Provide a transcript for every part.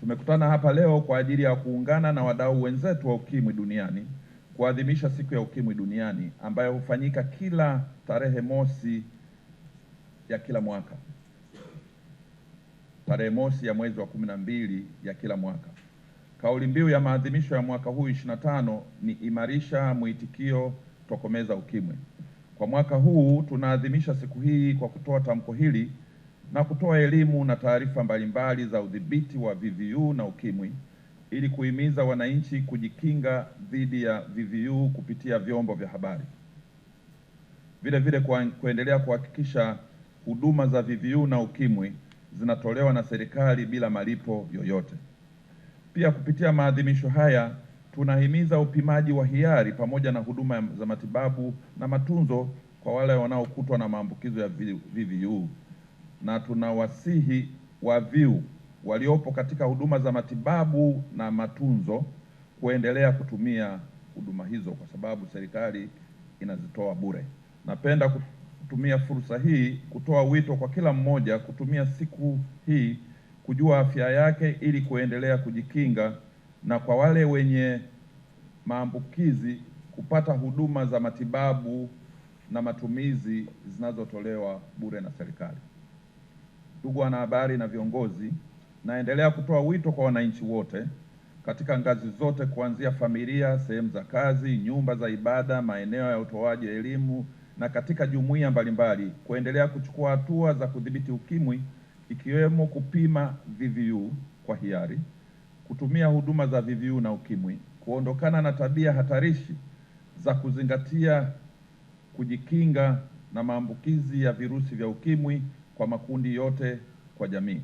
Tumekutana hapa leo kwa ajili ya kuungana na wadau wenzetu wa ukimwi duniani kuadhimisha siku ya ukimwi duniani ambayo hufanyika kila tarehe mosi ya kila mwaka, tarehe mosi ya mwezi wa kumi na mbili ya kila mwaka. Kauli mbiu ya maadhimisho ya mwaka huu 25 ni imarisha mwitikio, tokomeza ukimwi. Kwa mwaka huu tunaadhimisha siku hii kwa kutoa tamko hili na kutoa elimu na taarifa mbalimbali za udhibiti wa VVU na ukimwi ili kuhimiza wananchi kujikinga dhidi ya VVU kupitia vyombo vya habari. Vile vile kwa, kuendelea kuhakikisha huduma za VVU na ukimwi zinatolewa na serikali bila malipo yoyote. Pia kupitia maadhimisho haya tunahimiza upimaji wa hiari pamoja na huduma za matibabu na matunzo kwa wale wanaokutwa na maambukizo ya VVU na tunawasihi WAVIU waliopo katika huduma za matibabu na matunzo kuendelea kutumia huduma hizo kwa sababu serikali inazitoa bure. Napenda kutumia fursa hii kutoa wito kwa kila mmoja kutumia siku hii kujua afya yake ili kuendelea kujikinga na kwa wale wenye maambukizi kupata huduma za matibabu na matumizi zinazotolewa bure na serikali ndugu wanahabari na viongozi, naendelea kutoa wito kwa wananchi wote katika ngazi zote kuanzia familia, sehemu za kazi, nyumba za ibada, maeneo ya utoaji elimu na katika jumuiya mbalimbali kuendelea kuchukua hatua za kudhibiti UKIMWI ikiwemo kupima VVU kwa hiari, kutumia huduma za VVU na UKIMWI, kuondokana na tabia hatarishi za kuzingatia kujikinga na maambukizi ya virusi vya UKIMWI kwa makundi yote kwa jamii.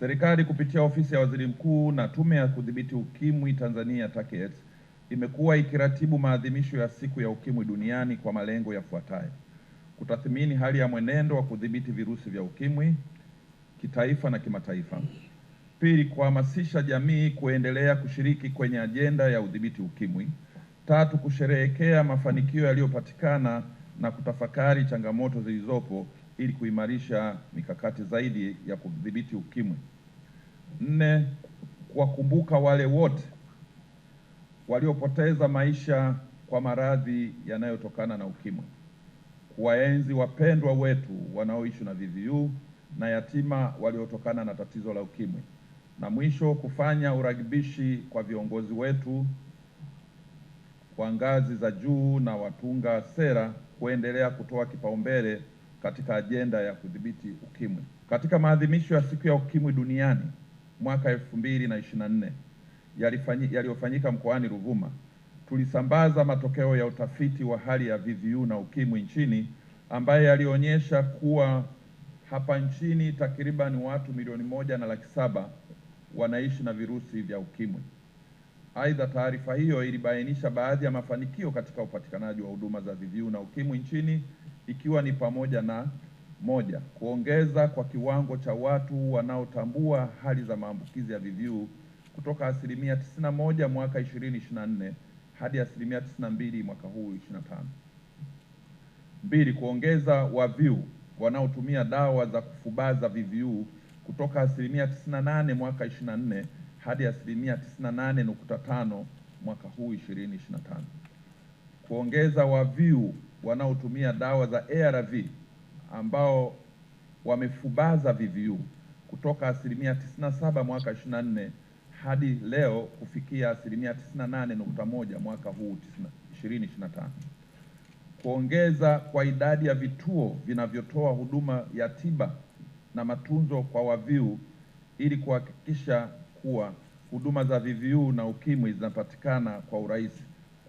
Serikali kupitia ofisi ya waziri mkuu na tume ya kudhibiti ukimwi Tanzania TACAIDS imekuwa ikiratibu maadhimisho ya siku ya ukimwi duniani kwa malengo yafuatayo: kutathmini hali ya mwenendo wa kudhibiti virusi vya ukimwi kitaifa na kimataifa; pili, kuhamasisha jamii kuendelea kushiriki kwenye ajenda ya udhibiti ukimwi; tatu, kusherehekea mafanikio yaliyopatikana na kutafakari changamoto zilizopo ili kuimarisha mikakati zaidi ya kudhibiti ukimwi. Nne, kuwakumbuka wale wote waliopoteza maisha kwa maradhi yanayotokana na ukimwi, kuwaenzi wapendwa wetu wanaoishi na VVU na yatima waliotokana na tatizo la ukimwi, na mwisho kufanya uragibishi kwa viongozi wetu kwa ngazi za juu na watunga sera kuendelea kutoa kipaumbele katika ajenda ya kudhibiti ukimwi. Katika maadhimisho ya siku ya ukimwi duniani mwaka 2024 yaliyofanyika mkoani Ruvuma, tulisambaza matokeo ya utafiti wa hali ya VVU na ukimwi nchini ambaye yalionyesha kuwa hapa nchini takriban watu milioni moja na laki saba wanaishi na virusi vya ukimwi. Aidha, taarifa hiyo ilibainisha baadhi ya mafanikio katika upatikanaji wa huduma za VVU na ukimwi nchini ikiwa ni pamoja na moja, kuongeza kwa kiwango cha watu wanaotambua hali za maambukizi ya VVU kutoka asilimia 91 mwaka 2024 hadi asilimia 92 mwaka huu 25. Mbili, kuongeza waviu wanaotumia dawa za kufubaza VVU kutoka asilimia 98 mwaka 24 hadi asilimia 98.5 mwaka huu 2025. Kuongeza waviu wanaotumia dawa za ARV ambao wamefubaza VVU kutoka asilimia 97 mwaka 24 hadi leo kufikia asilimia 98.1 mwaka huu 2025. Kuongeza kwa idadi ya vituo vinavyotoa huduma ya tiba na matunzo kwa waviu ili kuhakikisha kuwa huduma za VVU na UKIMWI zinapatikana kwa urahisi.